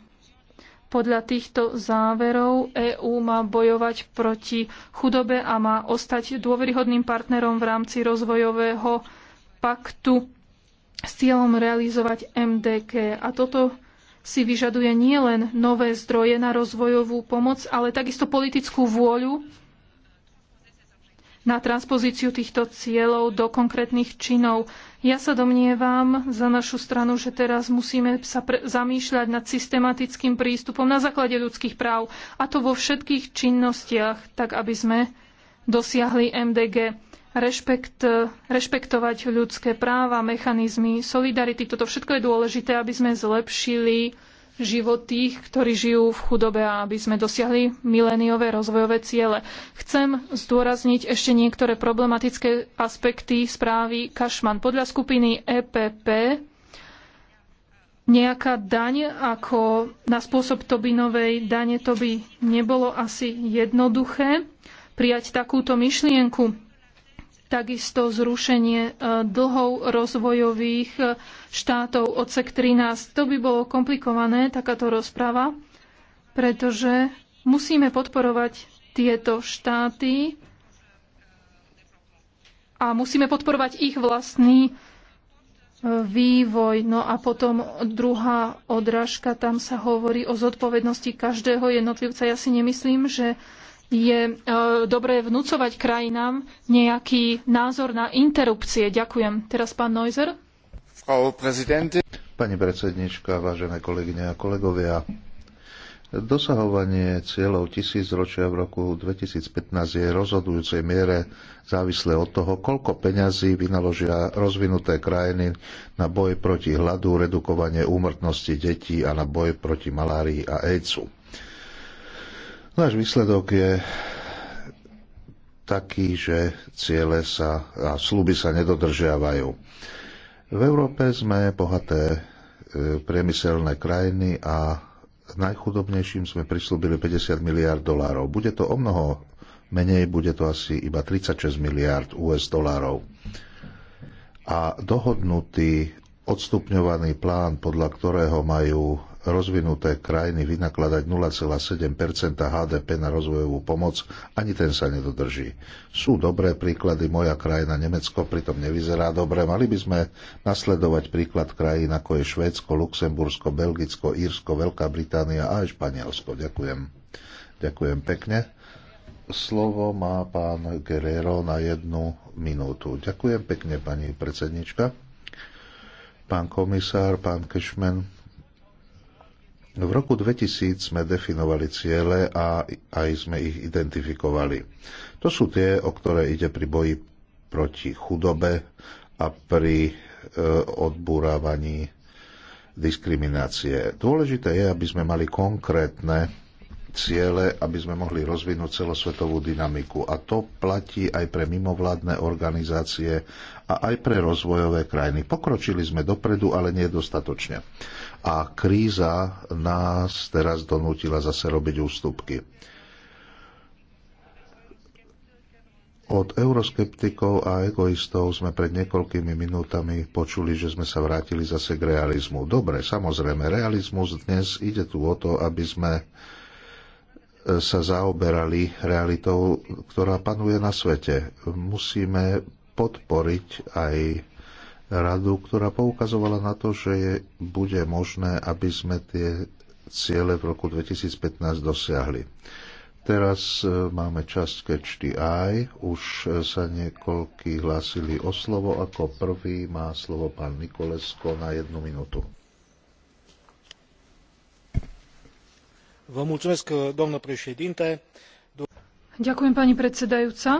podľa týchto záverov EÚ má bojovať proti chudobe a má ostať dôveryhodným partnerom v rámci rozvojového paktu s cieľom realizovať MDK. A toto si vyžaduje nielen nové zdroje na rozvojovú pomoc, ale takisto politickú vôľu na transpozíciu týchto cieľov do konkrétnych činov. Ja sa domnievam za našu stranu, že teraz musíme sa zamýšľať nad systematickým prístupom na základe ľudských práv, a to vo všetkých činnostiach, tak aby sme dosiahli MDG. Rešpekt, rešpektovať ľudské práva, mechanizmy, solidarity, toto všetko je dôležité, aby sme zlepšili život tých, ktorí žijú v chudobe a aby sme dosiahli mileniové rozvojové ciele. Chcem zdôrazniť ešte niektoré problematické aspekty správy Kašman. Podľa skupiny EPP nejaká daň ako na spôsob Tobinovej dane to by nebolo asi jednoduché prijať takúto myšlienku takisto zrušenie e, dlhov rozvojových e, štátov odsek 13. To by bolo komplikované, takáto rozprava, pretože musíme podporovať tieto štáty a musíme podporovať ich vlastný e, vývoj. No a potom druhá odrážka, tam sa hovorí o zodpovednosti každého jednotlivca. Ja si nemyslím, že je e, dobré vnúcovať krajinám nejaký názor na interrupcie. Ďakujem. Teraz pán Neuser. Pani predsednička, vážené kolegyne a kolegovia, dosahovanie cieľov tisícročia v roku 2015 je rozhodujúcej miere závislé od toho, koľko peňazí vynaložia rozvinuté krajiny na boj proti hladu, redukovanie úmrtnosti detí a na boj proti malárii a AIDSu. Náš výsledok je taký, že ciele sa a sluby sa nedodržiavajú. V Európe sme bohaté e, priemyselné krajiny a najchudobnejším sme prislúbili 50 miliard dolárov. Bude to o mnoho menej, bude to asi iba 36 miliard US dolárov. A dohodnutý odstupňovaný plán, podľa ktorého majú rozvinuté krajiny vynakladať 0,7 HDP na rozvojovú pomoc, ani ten sa nedodrží. Sú dobré príklady, moja krajina Nemecko pritom nevyzerá dobre. Mali by sme nasledovať príklad krajín ako je Švédsko, Luxembursko, Belgicko, Írsko, Veľká Británia a aj Španielsko. Ďakujem. Ďakujem pekne. Slovo má pán Guerrero na jednu minútu. Ďakujem pekne, pani predsednička. Pán komisár, pán Kešmen, v roku 2000 sme definovali ciele a aj sme ich identifikovali. To sú tie, o ktoré ide pri boji proti chudobe a pri e, odburávaní diskriminácie. Dôležité je, aby sme mali konkrétne ciele, aby sme mohli rozvinúť celosvetovú dynamiku. A to platí aj pre mimovládne organizácie a aj pre rozvojové krajiny. Pokročili sme dopredu, ale nedostatočne. A kríza nás teraz donútila zase robiť ústupky. Od euroskeptikov a egoistov sme pred niekoľkými minútami počuli, že sme sa vrátili zase k realizmu. Dobre, samozrejme, realizmus dnes ide tu o to, aby sme e, sa zaoberali realitou, ktorá panuje na svete. Musíme podporiť aj radu, ktorá poukazovala na to, že je, bude možné, aby sme tie ciele v roku 2015 dosiahli. Teraz e, máme časť kečty aj, Už e, sa niekoľkí hlásili o slovo. Ako prvý má slovo pán Nikolesko na jednu minútu. Ďakujem, pani predsedajúca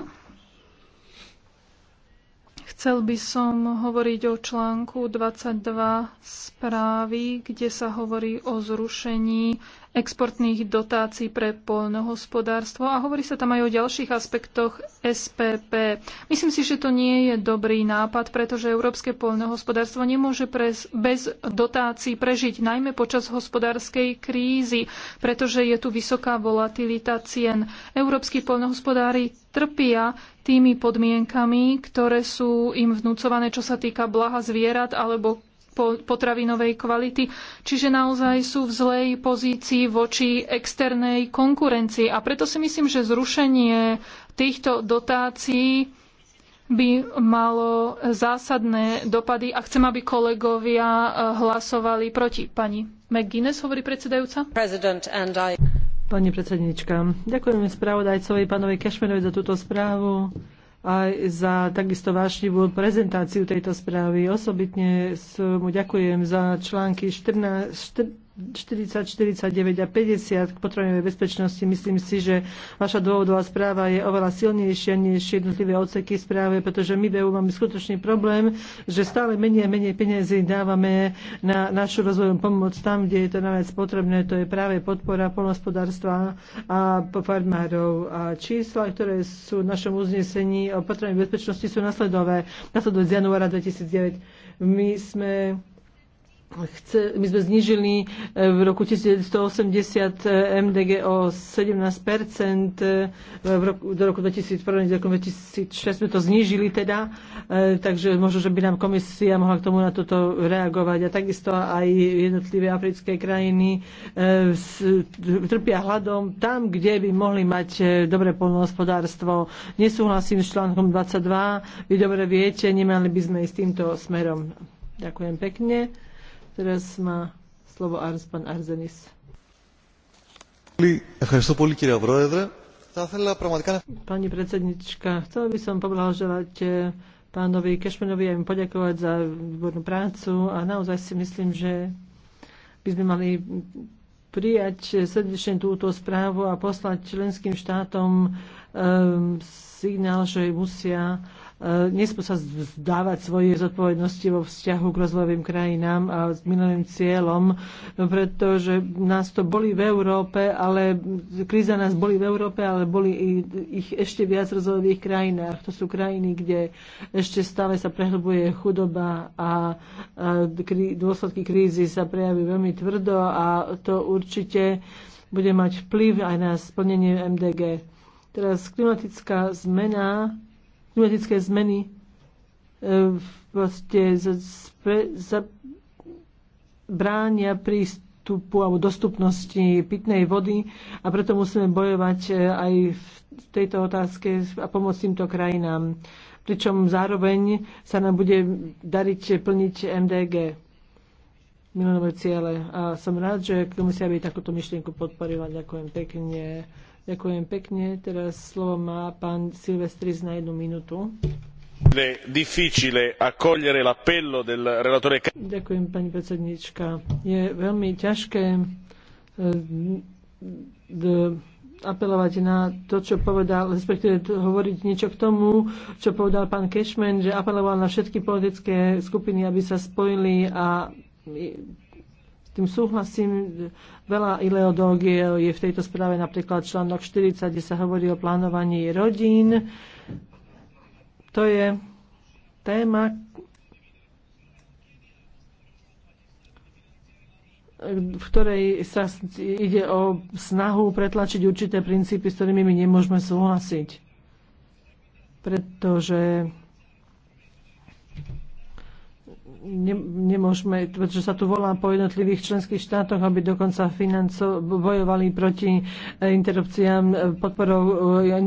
Chcel by som hovoriť o článku 22 správy, kde sa hovorí o zrušení exportných dotácií pre poľnohospodárstvo a hovorí sa tam aj o ďalších aspektoch SPP. Myslím si, že to nie je dobrý nápad, pretože európske poľnohospodárstvo nemôže prez, bez dotácií prežiť, najmä počas hospodárskej krízy, pretože je tu vysoká volatilita cien. Európsky poľnohospodári trpia tými podmienkami, ktoré sú im vnúcované, čo sa týka blaha zvierat alebo potravinovej kvality. Čiže naozaj sú v zlej pozícii voči externej konkurencii. A preto si myslím, že zrušenie týchto dotácií by malo zásadné dopady a chcem, aby kolegovia eh, hlasovali proti. Pani McGuinness hovorí predsedajúca. I... Pani predsednička, ďakujeme spravodajcovi pánovi Kešmerovi za túto správu aj za takisto vášnivú prezentáciu tejto správy. Osobitne mu ďakujem za články 14, 14 40, 49 a 50 k potravinovej bezpečnosti. Myslím si, že vaša dôvodová správa je oveľa silnejšia než jednotlivé odseky správe, pretože my v EU máme skutočný problém, že stále menej a menej peniazy dávame na našu rozvojovú pomoc tam, kde je to najviac potrebné. To je práve podpora polnospodárstva a farmárov. A čísla, ktoré sú v našom uznesení o potravinovej bezpečnosti sú nasledové. Nasledujú z januára 2009. My sme chce, my sme znižili e, v roku 1980 e, MDG o 17 e, v roku, do roku 2001, do roku 2006 sme to znižili teda, takže možno, že by nám komisia mohla k tomu na toto reagovať. A takisto aj jednotlivé africké krajiny trpia hladom tam, kde by mohli mať dobré polnohospodárstvo. Nesúhlasím s článkom 22, vy dobre viete, nemali by sme ísť týmto smerom. Ďakujem pekne. Teraz má slovo Ars, pán Arzenis. Pani predsednička, chcela by som poblahoželať eh, pánovi Kešmenovi a im poďakovať za výbornú prácu a naozaj si myslím, že by sme mali prijať srdečne túto správu a poslať členským štátom um, signál, že musia E, nesmú sa zdávať svoje zodpovednosti vo vzťahu k rozvojovým krajinám a s minulým cieľom, pretože nás to boli v Európe, ale kríza nás boli v Európe, ale boli ich ešte viac rozvojových krajinách. To sú krajiny, kde ešte stále sa prehlbuje chudoba a dôsledky krízy sa prejaví veľmi tvrdo a to určite bude mať vplyv aj na splnenie MDG. Teraz klimatická zmena klimatické zmeny e, vlastne bránia prístupu alebo dostupnosti pitnej vody a preto musíme bojovať e, aj v tejto otázke a pomôcť týmto krajinám. Pričom zároveň sa nám bude dariť plniť MDG milionové ciele. A som rád, že komisia by takúto myšlienku podporila. Ďakujem pekne. Ďakujem pekne. Teraz slovo má pán Silvestris na jednu minútu. Ďakujem, pani predsednička. Je veľmi ťažké eh, apelovať na to, čo povedal, respektíve hovoriť niečo k tomu, čo povedal pán Kešmen, že apeloval na všetky politické skupiny, aby sa spojili a tým súhlasím, veľa ideológie je v tejto správe, napríklad článok 40, kde sa hovorí o plánovaní rodín. To je téma, v ktorej sa ide o snahu pretlačiť určité princípy, s ktorými my nemôžeme súhlasiť. Pretože ne, nemôžeme, pretože sa tu volá po jednotlivých členských štátoch, aby dokonca financo, bojovali proti e, interrupciám e, podporou e,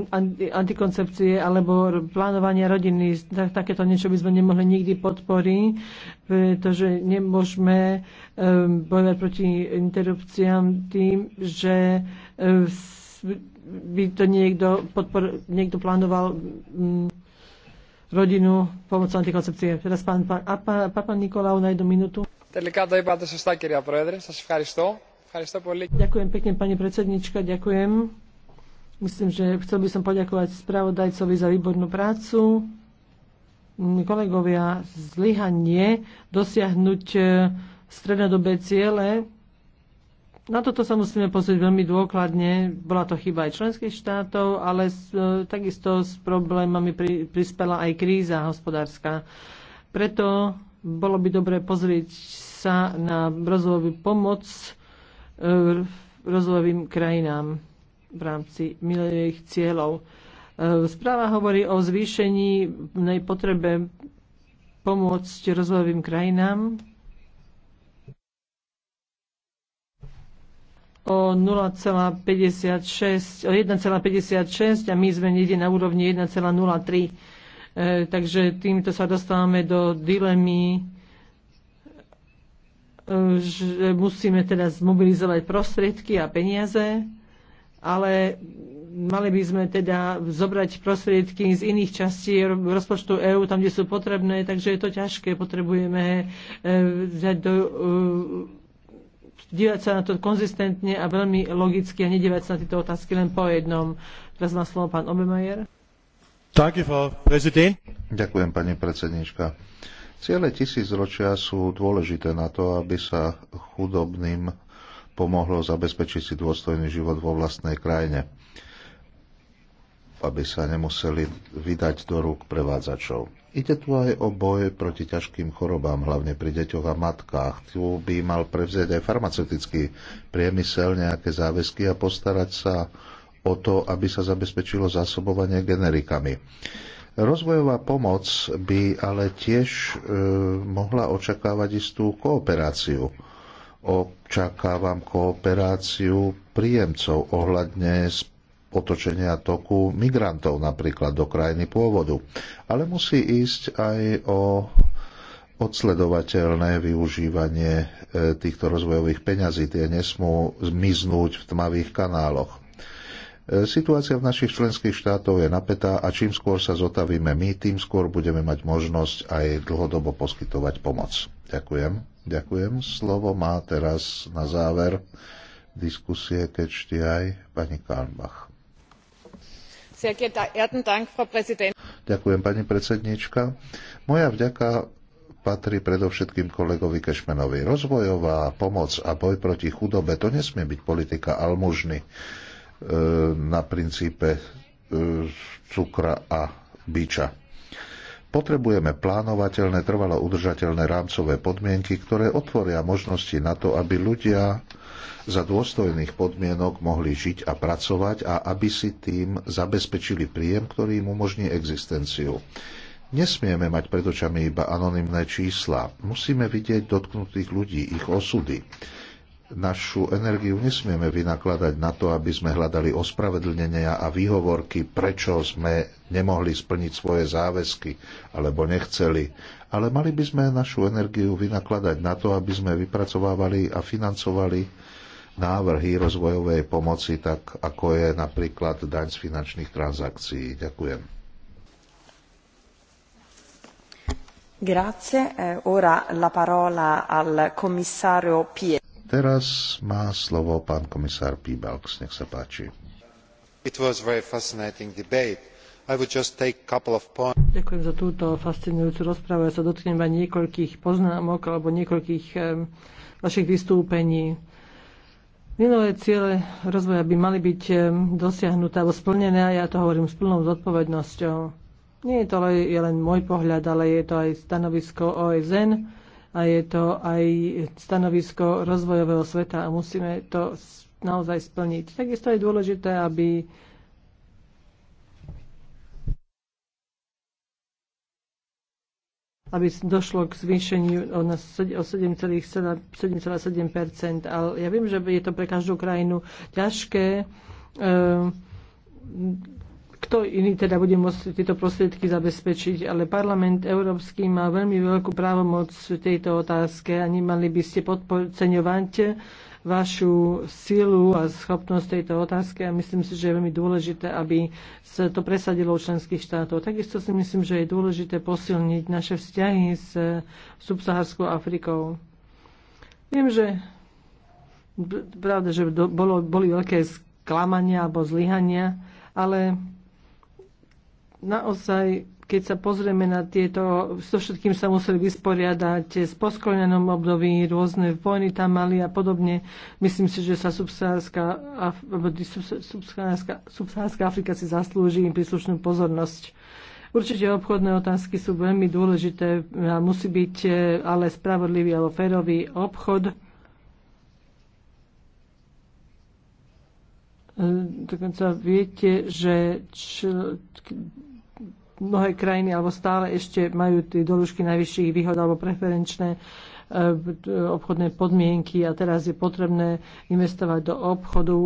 antikoncepcie alebo plánovania rodiny. Tak, takéto niečo by sme nemohli nikdy podporiť, pretože nemôžeme bojovať proti interrupciám tým, že by to niekto, podpor, niekto plánoval rodinu pomocou antikoncepcie. Teraz pán pán pán Nikolau na jednu minútu. Τελικά το είπατε σωστά κυρία Πρόεδρε. Σας ευχαριστώ. Ευχαριστώ πολύ. Ďakujem pekne pani predsednička, ďakujem. Myslím, že chcel by som poďakovať spravodajcovi za výbornú prácu. Kolegovia, zlyhanie dosiahnuť eh, strednodobé ciele na toto sa musíme pozrieť veľmi dôkladne. Bola to chyba aj členských štátov, ale s, e, takisto s problémami pri, prispela aj kríza hospodárska. Preto bolo by dobre pozrieť sa na rozvojovú pomoc e, rozvojovým krajinám v rámci milých cieľov. E, správa hovorí o zvýšení potrebe pomôcť rozvojovým krajinám o 0,56, o 1,56 a my sme niekde na úrovni 1,03. E, takže týmto sa dostávame do dilemy, e, že musíme teda zmobilizovať prostriedky a peniaze, ale mali by sme teda zobrať prostriedky z iných častí rozpočtu EÚ, tam, kde sú potrebné, takže je to ťažké. Potrebujeme e, vziať do e, dívať sa na to konzistentne a veľmi logicky a nedívať sa na tieto otázky len po jednom. Teraz má slovo pán Obemajer. Ďakujem, pani predsednička. Ciele tisícročia sú dôležité na to, aby sa chudobným pomohlo zabezpečiť si dôstojný život vo vlastnej krajine, aby sa nemuseli vydať do rúk prevádzačov Ide tu aj o boj proti ťažkým chorobám, hlavne pri deťoch a matkách. Tu by mal prevzieť aj farmaceutický priemysel nejaké záväzky a postarať sa o to, aby sa zabezpečilo zásobovanie generikami. Rozvojová pomoc by ale tiež e, mohla očakávať istú kooperáciu. Očakávam kooperáciu príjemcov ohľadne otočenia toku migrantov napríklad do krajiny pôvodu. Ale musí ísť aj o odsledovateľné využívanie e, týchto rozvojových peňazí. Tie nesmú zmiznúť v tmavých kanáloch. E, situácia v našich členských štátoch je napätá a čím skôr sa zotavíme my, tým skôr budeme mať možnosť aj dlhodobo poskytovať pomoc. Ďakujem. Ďakujem. Slovo má teraz na záver diskusie, keď aj pani Kalmbach. Ďakujem, pani predsednička. Moja vďaka patrí predovšetkým kolegovi Kešmenovi. Rozvojová pomoc a boj proti chudobe, to nesmie byť politika almužny e, na princípe e, cukra a biča. Potrebujeme plánovateľné, trvalo udržateľné rámcové podmienky, ktoré otvoria možnosti na to, aby ľudia za dôstojných podmienok mohli žiť a pracovať a aby si tým zabezpečili príjem, ktorý im umožní existenciu. Nesmieme mať pred očami iba anonymné čísla. Musíme vidieť dotknutých ľudí, ich osudy. Našu energiu nesmieme vynakladať na to, aby sme hľadali ospravedlnenia a výhovorky, prečo sme nemohli splniť svoje záväzky alebo nechceli. Ale mali by sme našu energiu vynakladať na to, aby sme vypracovávali a financovali návrhy rozvojovej pomoci, tak ako je napríklad daň z finančných transakcií. Ďakujem. Grazie. Eh, ora la parola al commissario Pie. Teraz má slovo pán komisár Piebalgs. Nech sa páči. It was very fascinating debate. I would just take couple of points. Ďakujem za túto fascinujúcu rozprávu. Ja sa dotknem iba niekoľkých poznámok alebo niekoľkých um, vašich vystúpení. Minulé ciele rozvoja by mali byť dosiahnuté alebo splnené a ja to hovorím s plnou zodpovednosťou. Nie je to len, je len môj pohľad, ale je to aj stanovisko OSN a je to aj stanovisko rozvojového sveta a musíme to naozaj splniť. Takisto je dôležité, aby aby došlo k zvýšeniu o 7,7 Ale ja viem, že je to pre každú krajinu ťažké. Ehm, kto iný teda bude môcť tieto prostriedky zabezpečiť? Ale parlament európsky má veľmi veľkú právomoc v tejto otázke a nemali by ste podceňovať vašu silu a schopnosť tejto otázky a myslím si, že je veľmi dôležité, aby sa to presadilo u členských štátov. Takisto si myslím, že je dôležité posilniť naše vzťahy s subsaharskou Afrikou. Viem, že pravda, že bolo, boli veľké sklamania alebo zlyhania, ale naozaj keď sa pozrieme na tieto, so všetkým sa museli vysporiadať s poskolenom období, rôzne vojny tam mali a podobne. Myslím si, že sa subsahárska, subsahárska Afrika si zaslúži im príslušnú pozornosť. Určite obchodné otázky sú veľmi dôležité a musí byť e, ale spravodlivý alebo férový obchod. E, dokonca viete, že čl- mnohé krajiny alebo stále ešte majú tie doložky najvyšších výhod alebo preferenčné e, obchodné podmienky a teraz je potrebné investovať do obchodu,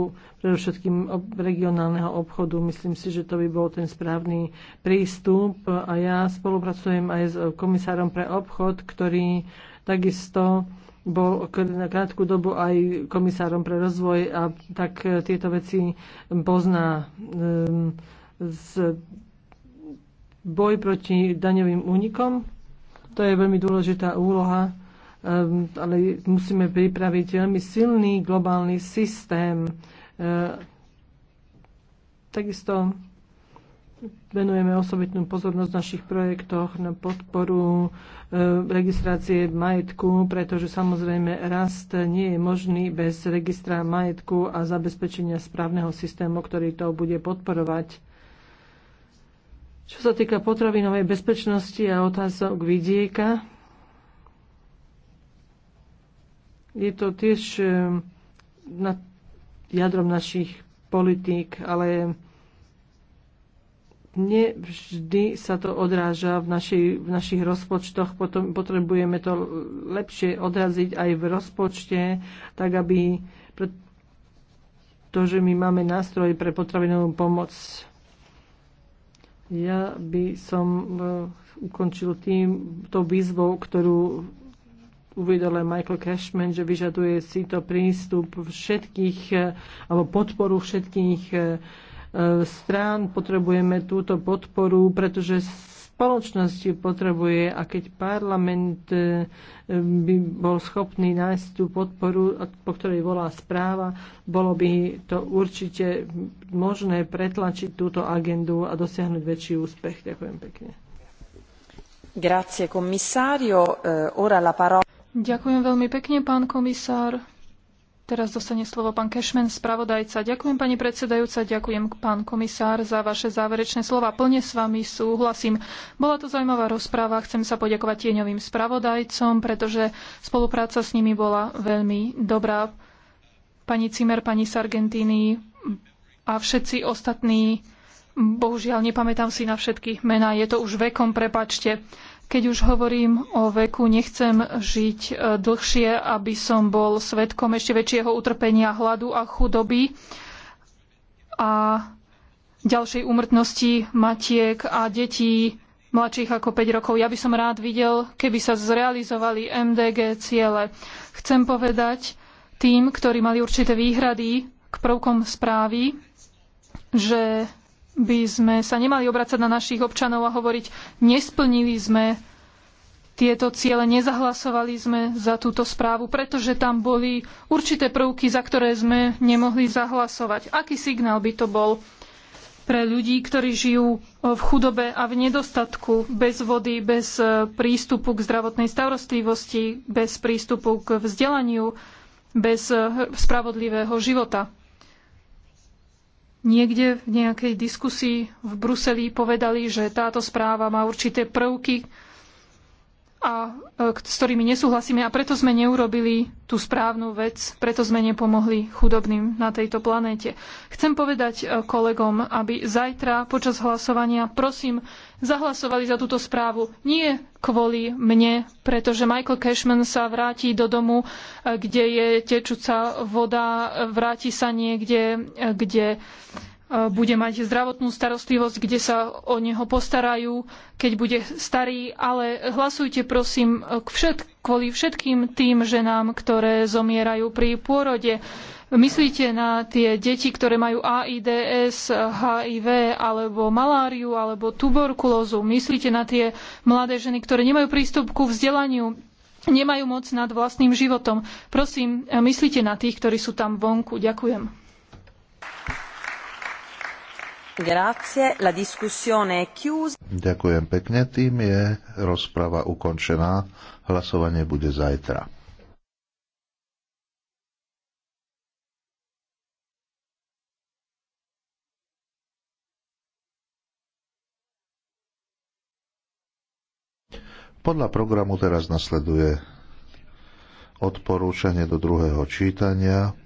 predovšetkým regionálneho obchodu. Myslím si, že to by bol ten správny prístup a ja spolupracujem aj s komisárom pre obchod, ktorý takisto bol na krátku dobu aj komisárom pre rozvoj a tak tieto veci pozná ehm, z boj proti daňovým únikom. To je veľmi dôležitá úloha, ehm, ale musíme pripraviť veľmi silný globálny systém. Ehm, takisto venujeme osobitnú pozornosť v našich projektoch na podporu ehm, registrácie majetku, pretože samozrejme rast nie je možný bez registra majetku a zabezpečenia správneho systému, ktorý to bude podporovať. Čo sa týka potravinovej bezpečnosti a otázok vidieka, je to tiež e, nad jadrom našich politík, ale nevždy sa to odráža v, našej, v našich rozpočtoch. Potom potrebujeme to lepšie odraziť aj v rozpočte, tak aby to, že my máme nástroj pre potravinovú pomoc ja by som e, ukončil tým, tou výzvou, ktorú uvedol aj Michael Cashman, že vyžaduje si to prístup všetkých, e, alebo podporu všetkých e, strán. Potrebujeme túto podporu, pretože spoločnosť potrebuje a keď parlament e, by bol schopný nájsť tú podporu, po ktorej volá správa, bolo by to určite možné pretlačiť túto agendu a dosiahnuť väčší úspech. Ďakujem pekne. Grazie, komisario. E, ora la parola. Ďakujem veľmi pekne, pán komisár. Teraz dostane slovo pán Kešmen, spravodajca. Ďakujem pani predsedajúca, ďakujem pán komisár za vaše záverečné slova. Plne s vami súhlasím. Bola to zaujímavá rozpráva. Chcem sa poďakovať tieňovým spravodajcom, pretože spolupráca s nimi bola veľmi dobrá. Pani Cimer, pani Sargentini a všetci ostatní. Bohužiaľ, nepamätám si na všetky mená. Je to už vekom, prepačte. Keď už hovorím o veku, nechcem žiť e, dlhšie, aby som bol svetkom ešte väčšieho utrpenia hladu a chudoby a ďalšej úmrtnosti matiek a detí mladších ako 5 rokov. Ja by som rád videl, keby sa zrealizovali MDG ciele. Chcem povedať tým, ktorí mali určité výhrady k prvkom správy, že by sme sa nemali obracať na našich občanov a hovoriť, nesplnili sme tieto ciele, nezahlasovali sme za túto správu, pretože tam boli určité prvky, za ktoré sme nemohli zahlasovať. Aký signál by to bol pre ľudí, ktorí žijú v chudobe a v nedostatku, bez vody, bez e, prístupu k zdravotnej starostlivosti, bez prístupu k vzdelaniu, bez e, spravodlivého života? niekde v nejakej diskusii v Bruseli povedali, že táto správa má určité prvky, a e, s ktorými nesúhlasíme a preto sme neurobili tú správnu vec, preto sme nepomohli chudobným na tejto planéte. Chcem povedať e, kolegom, aby zajtra počas hlasovania, prosím, zahlasovali za túto správu. Nie kvôli mne, pretože Michael Cashman sa vráti do domu, e, kde je tečúca voda, vráti sa niekde, kde bude mať zdravotnú starostlivosť, kde sa o neho postarajú, keď bude starý, ale hlasujte prosím k všet, kvôli všetkým tým ženám, ktoré zomierajú pri pôrode. Myslíte na tie deti, ktoré majú AIDS, HIV alebo maláriu alebo tuberkulózu. Myslíte na tie mladé ženy, ktoré nemajú prístup ku vzdelaniu, nemajú moc nad vlastným životom. Prosím, myslíte na tých, ktorí sú tam vonku. Ďakujem. Ďakujem pekne, tým je rozprava ukončená. Hlasovanie bude zajtra. Podľa programu teraz nasleduje odporúčanie do druhého čítania